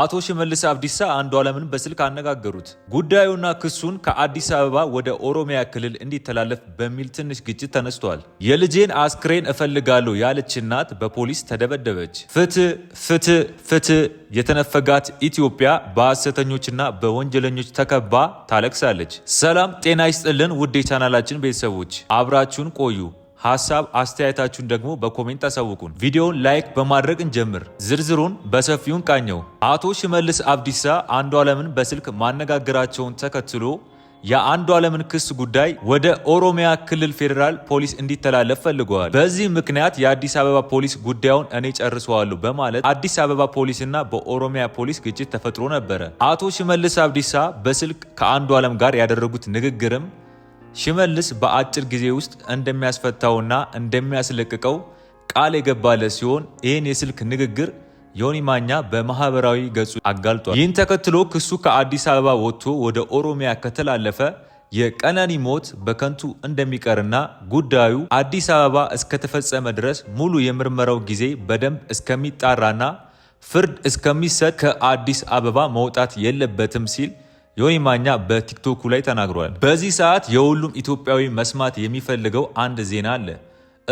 አቶ ሽመልስ አብዲሳ አንዱ ዓለምን በስልክ አነጋገሩት። ጉዳዩና ክሱን ከአዲስ አበባ ወደ ኦሮሚያ ክልል እንዲተላለፍ በሚል ትንሽ ግጭት ተነስቷል። የልጄን አስክሬን እፈልጋለሁ ያለች እናት በፖሊስ ተደበደበች። ፍትህ ፍትህ ፍትህ የተነፈጋት ኢትዮጵያ በሐሰተኞችና በወንጀለኞች ተከባ ታለቅሳለች። ሰላም ጤና ይስጥልን ውድ የቻናላችን ቤተሰቦች አብራችሁን ቆዩ። ሀሳብ አስተያየታችሁን ደግሞ በኮሜንት አሳውቁን። ቪዲዮውን ላይክ በማድረግ እንጀምር። ዝርዝሩን በሰፊው ቃኘው። አቶ ሽመልስ አብዲሳ ዓለምን በስልክ ማነጋገራቸውን ተከትሎ ዓለምን ክስ ጉዳይ ወደ ኦሮሚያ ክልል ፌዴራል ፖሊስ እንዲተላለፍ ፈልገዋል። በዚህ ምክንያት የአዲስ አበባ ፖሊስ ጉዳዩን እኔ ጨርሰዋለሁ በማለት አዲስ አበባ ፖሊስና በኦሮሚያ ፖሊስ ግጭት ተፈጥሮ ነበረ። አቶ ሽመልስ አብዲሳ በስልክ ዓለም ጋር ያደረጉት ንግግርም ሽመልስ በአጭር ጊዜ ውስጥ እንደሚያስፈታውና እንደሚያስለቅቀው ቃል የገባለት ሲሆን ይህን የስልክ ንግግር ዮኒ ማኛ በማህበራዊ ገጹ አጋልጧል። ይህን ተከትሎ ክሱ ከአዲስ አበባ ወጥቶ ወደ ኦሮሚያ ከተላለፈ የቀነኒ ሞት በከንቱ እንደሚቀርና ጉዳዩ አዲስ አበባ እስከተፈጸመ ድረስ ሙሉ የምርመራው ጊዜ በደንብ እስከሚጣራና ፍርድ እስከሚሰጥ ከአዲስ አበባ መውጣት የለበትም ሲል ዮኒ ማኛ በቲክቶኩ ላይ ተናግሯል። በዚህ ሰዓት የሁሉም ኢትዮጵያዊ መስማት የሚፈልገው አንድ ዜና አለ።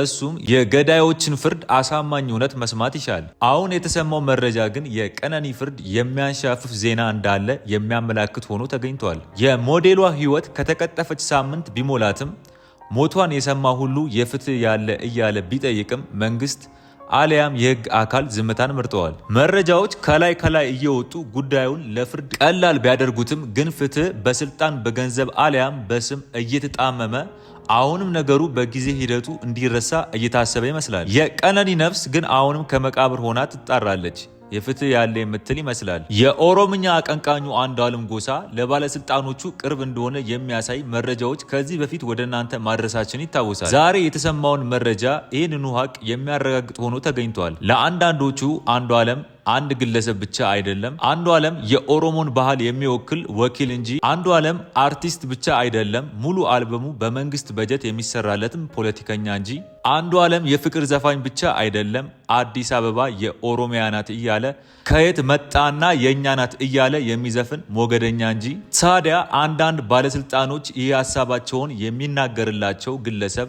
እሱም የገዳዮችን ፍርድ አሳማኝ እውነት መስማት ይሻል። አሁን የተሰማው መረጃ ግን የቀነኒ ፍርድ የሚያንሻፍፍ ዜና እንዳለ የሚያመላክት ሆኖ ተገኝቷል። የሞዴሏ ሕይወት ከተቀጠፈች ሳምንት ቢሞላትም ሞቷን የሰማ ሁሉ የፍትህ ያለ እያለ ቢጠይቅም መንግስት አሊያም የህግ አካል ዝምታን መርጠዋል። መረጃዎች ከላይ ከላይ እየወጡ ጉዳዩን ለፍርድ ቀላል ቢያደርጉትም ግን ፍትህ በስልጣን በገንዘብ አሊያም በስም እየተጣመመ አሁንም ነገሩ በጊዜ ሂደቱ እንዲረሳ እየታሰበ ይመስላል። የቀነኒ ነፍስ ግን አሁንም ከመቃብር ሆና ትጣራለች። የፍትህ ያለ የምትል ይመስላል። የኦሮምኛ አቀንቃኙ አንዱዓለም ጎሳ ለባለስልጣኖቹ ቅርብ እንደሆነ የሚያሳይ መረጃዎች ከዚህ በፊት ወደ እናንተ ማድረሳችን ይታወሳል። ዛሬ የተሰማውን መረጃ ይህንኑ ሀቅ የሚያረጋግጥ ሆኖ ተገኝቷል። ለአንዳንዶቹ አንዱዓለም አንድ ግለሰብ ብቻ አይደለም። አንዱ ዓለም የኦሮሞን ባህል የሚወክል ወኪል እንጂ አንዱ ዓለም አርቲስት ብቻ አይደለም። ሙሉ አልበሙ በመንግስት በጀት የሚሰራለትም ፖለቲከኛ እንጂ አንዱ ዓለም የፍቅር ዘፋኝ ብቻ አይደለም። አዲስ አበባ የኦሮሚያ ናት እያለ ከየት መጣና የእኛ ናት እያለ የሚዘፍን ሞገደኛ እንጂ። ታዲያ አንዳንድ ባለስልጣኖች ይህ ሀሳባቸውን የሚናገርላቸው ግለሰብ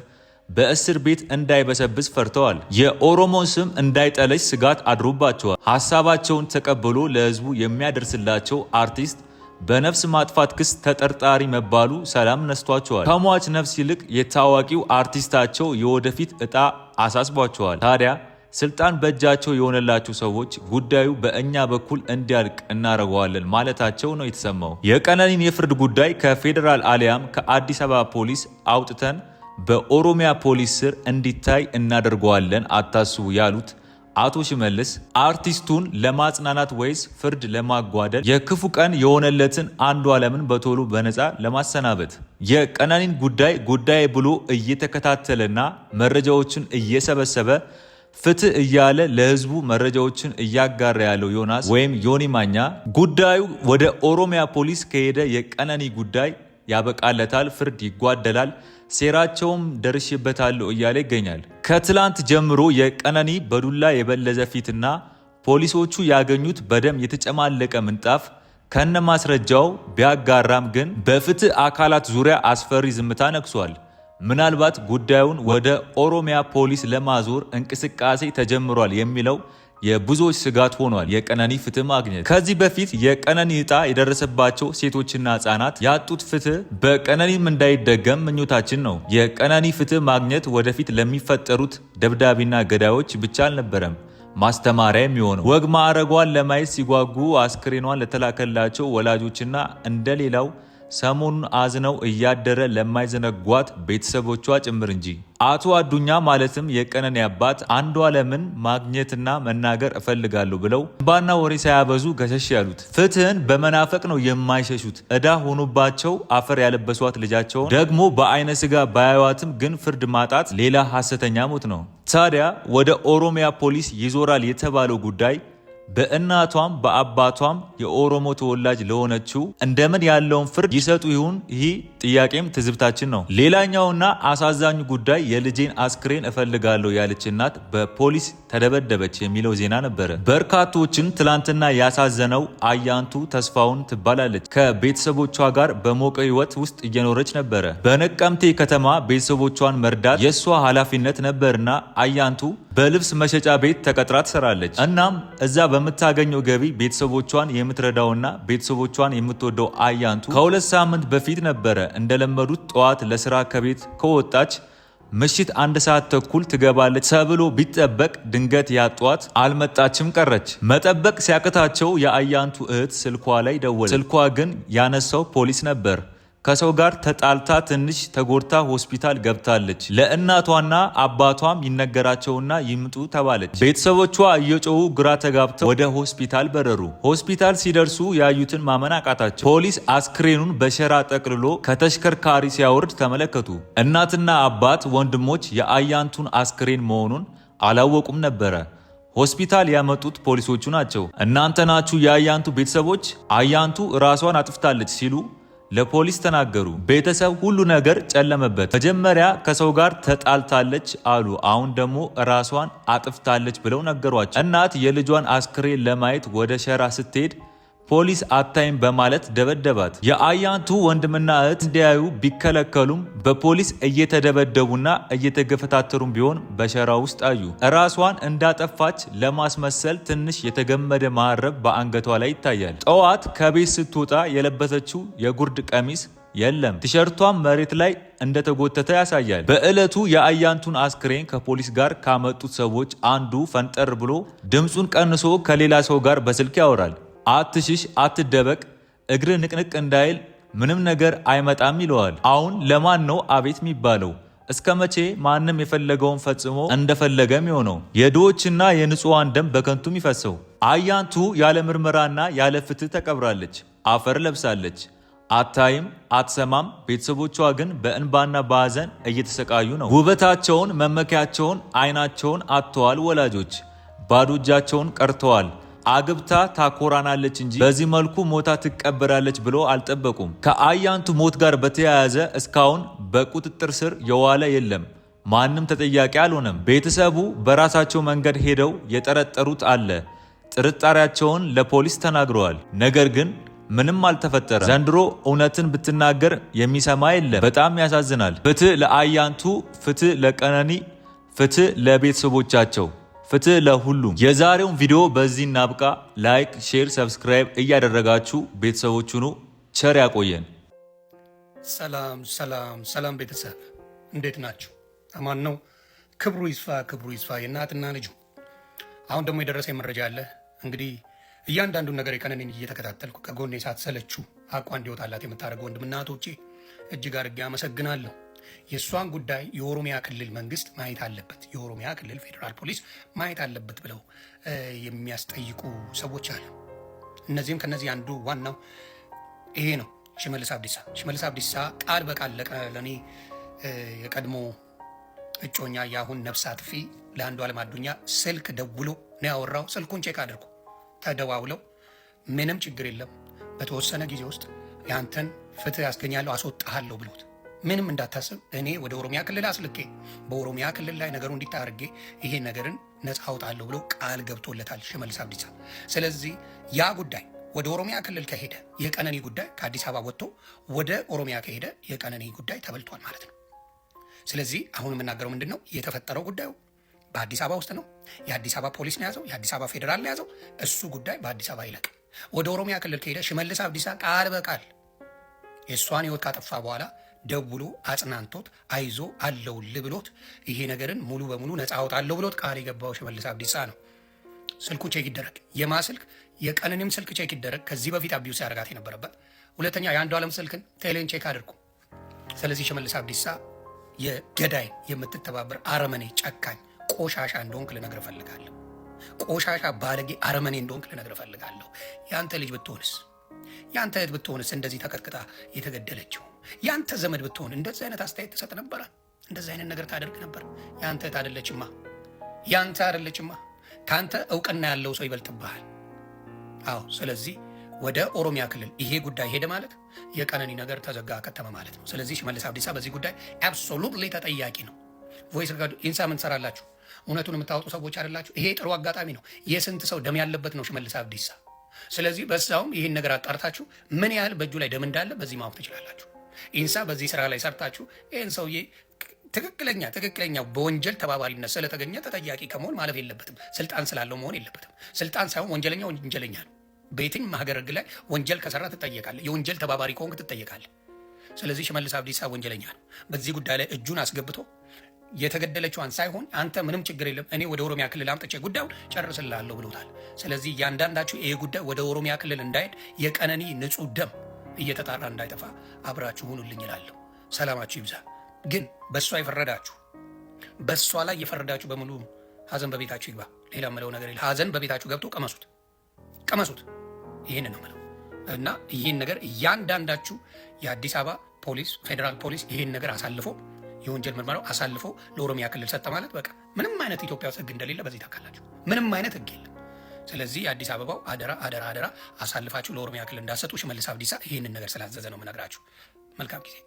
በእስር ቤት እንዳይበሰብስ ፈርተዋል። የኦሮሞን ስም እንዳይጠለች ስጋት አድሮባቸዋል። ሀሳባቸውን ተቀብሎ ለህዝቡ የሚያደርስላቸው አርቲስት በነፍስ ማጥፋት ክስ ተጠርጣሪ መባሉ ሰላም ነስቷቸዋል። ከሟች ነፍስ ይልቅ የታዋቂው አርቲስታቸው የወደፊት ዕጣ አሳስቧቸዋል። ታዲያ ስልጣን በእጃቸው የሆነላቸው ሰዎች ጉዳዩ በእኛ በኩል እንዲያልቅ እናደርገዋለን ማለታቸው ነው የተሰማው። የቀነኒን የፍርድ ጉዳይ ከፌዴራል አሊያም ከአዲስ አበባ ፖሊስ አውጥተን በኦሮሚያ ፖሊስ ስር እንዲታይ እናደርገዋለን አታስቡ ያሉት አቶ ሽመልስ አርቲስቱን ለማጽናናት ወይስ ፍርድ ለማጓደል የክፉ ቀን የሆነለትን አንዱ ዓለምን በቶሎ በነፃ ለማሰናበት የቀነኒን ጉዳይ ጉዳይ ብሎ እየተከታተለና መረጃዎችን እየሰበሰበ ፍትህ እያለ ለህዝቡ መረጃዎችን እያጋራ ያለው ዮናስ ወይም ዮኒ ማኛ ጉዳዩ ወደ ኦሮሚያ ፖሊስ ከሄደ የቀነኒ ጉዳይ ያበቃለታል፣ ፍርድ ይጓደላል፣ ሴራቸውም ደርሽበታለሁ እያለ ይገኛል። ከትላንት ጀምሮ የቀነኒ በዱላ የበለዘ ፊትና ፖሊሶቹ ያገኙት በደም የተጨማለቀ ምንጣፍ ከነ ማስረጃው ቢያጋራም ግን በፍትህ አካላት ዙሪያ አስፈሪ ዝምታ ነግሷል። ምናልባት ጉዳዩን ወደ ኦሮሚያ ፖሊስ ለማዞር እንቅስቃሴ ተጀምሯል የሚለው የብዙዎች ስጋት ሆኗል። የቀነኒ ፍትህ ማግኘት ከዚህ በፊት የቀነኒ እጣ የደረሰባቸው ሴቶችና ህጻናት ያጡት ፍትህ በቀነኒም እንዳይደገም ምኞታችን ነው። የቀነኒ ፍትህ ማግኘት ወደፊት ለሚፈጠሩት ደብዳቢና ገዳዮች ብቻ አልነበረም ማስተማሪያ የሚሆነው ወግ ማዕረጓን ለማየት ሲጓጉ አስክሬኗን ለተላከላቸው ወላጆችና እንደሌላው ሰሞኑን አዝነው እያደረ ለማይዘነጓት ቤተሰቦቿ ጭምር እንጂ። አቶ አዱኛ ማለትም የቀነኔ አባት አንዷ ለምን ማግኘትና መናገር እፈልጋለሁ ብለው እንባና ወሬ ሳያበዙ ገሸሽ ያሉት ፍትህን በመናፈቅ ነው የማይሸሹት። እዳ ሆኖባቸው አፈር ያለበሷት ልጃቸውን ደግሞ በአይነ ስጋ ባያዋትም ግን ፍርድ ማጣት ሌላ ሀሰተኛ ሞት ነው። ታዲያ ወደ ኦሮሚያ ፖሊስ ይዞራል የተባለው ጉዳይ በእናቷም በአባቷም የኦሮሞ ተወላጅ ለሆነችው እንደምን ያለውን ፍርድ ይሰጡ ይሁን? ይህ ጥያቄም ትዝብታችን ነው። ሌላኛውና አሳዛኙ ጉዳይ የልጄን አስክሬን እፈልጋለሁ ያለች እናት በፖሊስ ተደበደበች የሚለው ዜና ነበረ። በርካቶችን ትላንትና ያሳዘነው አያንቱ ተስፋውን ትባላለች። ከቤተሰቦቿ ጋር በሞቀ ህይወት ውስጥ እየኖረች ነበረ። በነቀምቴ ከተማ ቤተሰቦቿን መርዳት የእሷ ኃላፊነት ነበርና አያንቱ በልብስ መሸጫ ቤት ተቀጥራ ትሰራለች። እናም እዛ በምታገኘው ገቢ ቤተሰቦቿን የምትረዳውና ቤተሰቦቿን የምትወደው አያንቱ ከሁለት ሳምንት በፊት ነበረ እንደለመዱት ጠዋት ለስራ ከቤት ከወጣች ምሽት አንድ ሰዓት ተኩል ትገባለች ተብሎ ቢጠበቅ ድንገት ያጧት አልመጣችም ቀረች። መጠበቅ ሲያቅታቸው የአያንቱ እህት ስልኳ ላይ ደወለ። ስልኳ ግን ያነሳው ፖሊስ ነበር። ከሰው ጋር ተጣልታ ትንሽ ተጎድታ ሆስፒታል ገብታለች። ለእናቷና አባቷም ይነገራቸውና ይምጡ ተባለች። ቤተሰቦቿ እየጮሁ ግራ ተጋብተው ወደ ሆስፒታል በረሩ። ሆስፒታል ሲደርሱ ያዩትን ማመን አቃታቸው። ፖሊስ አስክሬኑን በሸራ ጠቅልሎ ከተሽከርካሪ ሲያወርድ ተመለከቱ። እናትና አባት ወንድሞች የአያንቱን አስክሬን መሆኑን አላወቁም ነበረ። ሆስፒታል ያመጡት ፖሊሶቹ ናቸው። እናንተ ናችሁ የአያንቱ ቤተሰቦች? አያንቱ ራሷን አጥፍታለች ሲሉ ለፖሊስ ተናገሩ። ቤተሰብ ሁሉ ነገር ጨለመበት። መጀመሪያ ከሰው ጋር ተጣልታለች አሉ። አሁን ደግሞ ራሷን አጥፍታለች ብለው ነገሯቸው። እናት የልጇን አስክሬን ለማየት ወደ ሸራ ስትሄድ ፖሊስ አታይም በማለት ደበደባት። የአያንቱ ወንድምና እህት እንዲያዩ ቢከለከሉም በፖሊስ እየተደበደቡና እየተገፈታተሩም ቢሆን በሸራ ውስጥ አዩ። ራሷን እንዳጠፋች ለማስመሰል ትንሽ የተገመደ መሀረብ በአንገቷ ላይ ይታያል። ጠዋት ከቤት ስትወጣ የለበሰችው የጉርድ ቀሚስ የለም። ቲሸርቷን መሬት ላይ እንደተጎተተ ያሳያል። በዕለቱ የአያንቱን አስክሬን ከፖሊስ ጋር ካመጡት ሰዎች አንዱ ፈንጠር ብሎ ድምፁን ቀንሶ ከሌላ ሰው ጋር በስልክ ያወራል። አትሽሽ፣ አትደበቅ፣ እግር ንቅንቅ እንዳይል ምንም ነገር አይመጣም ይለዋል። አሁን ለማን ነው አቤት የሚባለው? እስከ መቼ ማንም የፈለገውን ፈጽሞ እንደፈለገም የሆነው የድሆችና የንጹሐን ደም በከንቱ የሚፈሰው? አያንቱ ያለ ምርመራና ያለ ፍትህ ተቀብራለች፣ አፈር ለብሳለች። አታይም፣ አትሰማም። ቤተሰቦቿ ግን በእንባና በሐዘን እየተሰቃዩ ነው። ውበታቸውን፣ መመኪያቸውን አይናቸውን አጥተዋል። ወላጆች ባዶ እጃቸውን ቀርተዋል። አግብታ ታኮራናለች እንጂ በዚህ መልኩ ሞታ ትቀበራለች ብሎ አልጠበቁም። ከአያንቱ ሞት ጋር በተያያዘ እስካሁን በቁጥጥር ስር የዋለ የለም። ማንም ተጠያቂ አልሆነም። ቤተሰቡ በራሳቸው መንገድ ሄደው የጠረጠሩት አለ። ጥርጣሬያቸውን ለፖሊስ ተናግረዋል። ነገር ግን ምንም አልተፈጠረ። ዘንድሮ እውነትን ብትናገር የሚሰማ የለም። በጣም ያሳዝናል። ፍትህ ለአያንቱ፣ ፍትህ ለቀነኒ፣ ፍትህ ለቤተሰቦቻቸው። ፍትህ ለሁሉም። የዛሬውን ቪዲዮ በዚህ እናብቃ። ላይክ፣ ሼር፣ ሰብስክራይብ እያደረጋችሁ ቤተሰቦች ሁኑ። ቸር ያቆየን። ሰላም ሰላም ሰላም ቤተሰብ እንዴት ናችሁ? አማን ነው። ክብሩ ይስፋ ክብሩ ይስፋ የእናትና ልጁ። አሁን ደግሞ የደረሰ መረጃ አለ። እንግዲህ እያንዳንዱን ነገር የቀነኔን እየተከታተልኩ ከጎኔ ሳትሰለችው አቋ እንዲወጣላት የምታደርገው ወንድምና እህቶቼ እጅግ አድርጌ አመሰግናለሁ። የእሷን ጉዳይ የኦሮሚያ ክልል መንግስት ማየት አለበት፣ የኦሮሚያ ክልል ፌዴራል ፖሊስ ማየት አለበት ብለው የሚያስጠይቁ ሰዎች አሉ። እነዚህም ከነዚህ አንዱ ዋናው ይሄ ነው፣ ሽመልስ አብዲሳ። ሽመልስ አብዲሳ ቃል በቃል ለእኔ የቀድሞ እጮኛ የአሁን ነፍስ አጥፊ ለአንዱዓለም አዱኛ ስልክ ደውሎ ነው ያወራው። ስልኩን ቼክ አድርጎ ተደዋውለው ምንም ችግር የለም በተወሰነ ጊዜ ውስጥ ያንተን ፍትህ ያስገኛለሁ አስወጣሃለሁ ብሎት ምንም እንዳታስብ እኔ ወደ ኦሮሚያ ክልል አስልኬ በኦሮሚያ ክልል ላይ ነገሩ እንዲታርጌ ይሄን ነገርን ነፃ አውጣለሁ ብሎ ቃል ገብቶለታል ሽመልስ አብዲሳ። ስለዚህ ያ ጉዳይ ወደ ኦሮሚያ ክልል ከሄደ የቀነኒ ጉዳይ ከአዲስ አበባ ወጥቶ ወደ ኦሮሚያ ከሄደ የቀነኒ ጉዳይ ተበልቷል ማለት ነው። ስለዚህ አሁን የምናገረው ምንድን ነው? የተፈጠረው ጉዳዩ በአዲስ አበባ ውስጥ ነው። የአዲስ አበባ ፖሊስ ነው ያዘው፣ የአዲስ አበባ ፌዴራል ነው ያዘው። እሱ ጉዳይ በአዲስ አበባ ይለቅ። ወደ ኦሮሚያ ክልል ከሄደ ሽመልስ አብዲሳ ቃል በቃል የእሷን ህይወት ካጠፋ በኋላ ደውሎ አጽናንቶት አይዞ አለውል ብሎት ይሄ ነገርን ሙሉ በሙሉ ነፃ አውጣለሁ ብሎት ቃል የገባው ሽመልስ አብዲሳ ነው። ስልኩ ቼክ ይደረግ፣ የማ ስልክ የቀንንም ስልክ ቼክ ይደረግ። ከዚህ በፊት አቢው ሲያደርጋት የነበረበት ሁለተኛ የአንዱ ዓለም ስልክን ቴሌን ቼክ አድርጉ። ስለዚህ ሽመልስ አብዲሳ የገዳይ የምትተባበር አረመኔ፣ ጨካኝ፣ ቆሻሻ እንደሆንክ ልነግር እፈልጋለሁ። ቆሻሻ፣ ባለጌ፣ አረመኔ እንደሆንክ ልነግር እፈልጋለሁ። የአንተ ልጅ ብትሆንስ፣ የአንተ እህት ብትሆንስ እንደዚህ ተቀጥቅጣ የተገደለችው ያንተ ዘመድ ብትሆን እንደዚህ አይነት አስተያየት ትሰጥ ነበረ? እንደዚህ አይነት ነገር ታደርግ ነበር? ያንተ እህት አደለችማ፣ ያንተ አደለችማ። ከአንተ እውቅና ያለው ሰው ይበልጥብሃል። አዎ። ስለዚህ ወደ ኦሮሚያ ክልል ይሄ ጉዳይ ሄደ ማለት የቀነኒ ነገር ተዘጋ ከተመ ማለት ነው። ስለዚህ ሽመልስ አብዲሳ በዚህ ጉዳይ አብሶሉትሊ ተጠያቂ ነው። ቮይስ ሪካርዱ ኢንሳ ምን ትሰራላችሁ? እውነቱን የምታወጡ ሰዎች አይደላችሁ። ይሄ ጥሩ አጋጣሚ ነው። የስንት ሰው ደም ያለበት ነው ሽመልስ አብዲሳ። ስለዚህ በዛውም ይህን ነገር አጣርታችሁ ምን ያህል በእጁ ላይ ደም እንዳለ በዚህ ማወቅ ትችላላችሁ። ኢንሳ በዚህ ስራ ላይ ሰርታችሁ ይህን ሰውዬ ትክክለኛ ትክክለኛ በወንጀል ተባባሪነት ስለተገኘ ተጠያቂ ከመሆን ማለፍ የለበትም። ስልጣን ስላለው መሆን የለበትም። ስልጣን ሳይሆን ወንጀለኛ ወንጀለኛ ነው። በየትኛውም ሀገር ህግ ላይ ወንጀል ከሰራ ትጠየቃለህ። የወንጀል ተባባሪ ከሆንክ ትጠየቃለህ። ስለዚህ ሽመልስ አብዲሳ ወንጀለኛ ነው። በዚህ ጉዳይ ላይ እጁን አስገብቶ የተገደለችዋን ሳይሆን አንተ ምንም ችግር የለም እኔ ወደ ኦሮሚያ ክልል አምጥቼ ጉዳዩን ጨርስላለሁ ብሎታል። ስለዚህ እያንዳንዳችሁ ይሄ ጉዳይ ወደ ኦሮሚያ ክልል እንዳይሄድ የቀነኒ ንጹህ ደም እየተጣራ እንዳይጠፋ አብራችሁ ሁኑልኝ ይላለሁ። ሰላማችሁ ይብዛ። ግን በእሷ የፈረዳችሁ በእሷ ላይ የፈረዳችሁ በሙሉ ሀዘን በቤታችሁ ይግባ። ሌላ ምለው ነገር የለ። ሀዘን በቤታችሁ ገብቶ ቀመሱት፣ ቀመሱት። ይህን ነው ምለው እና ይህን ነገር እያንዳንዳችሁ የአዲስ አበባ ፖሊስ፣ ፌዴራል ፖሊስ ይህን ነገር አሳልፎ የወንጀል ምርመራው አሳልፎ ለኦሮሚያ ክልል ሰጠ ማለት በቃ ምንም አይነት ኢትዮጵያ ውስጥ ህግ እንደሌለ በዚህ ታውቃላችሁ። ምንም አይነት ህግ የለም። ስለዚህ የአዲስ አበባው አደራ አደራ አደራ አሳልፋችሁ ለኦሮሚያ ክልል እንዳሰጡ ሽመልስ አብዲሳ ይህንን ነገር ስላዘዘ ነው የምነግራችሁ። መልካም ጊዜ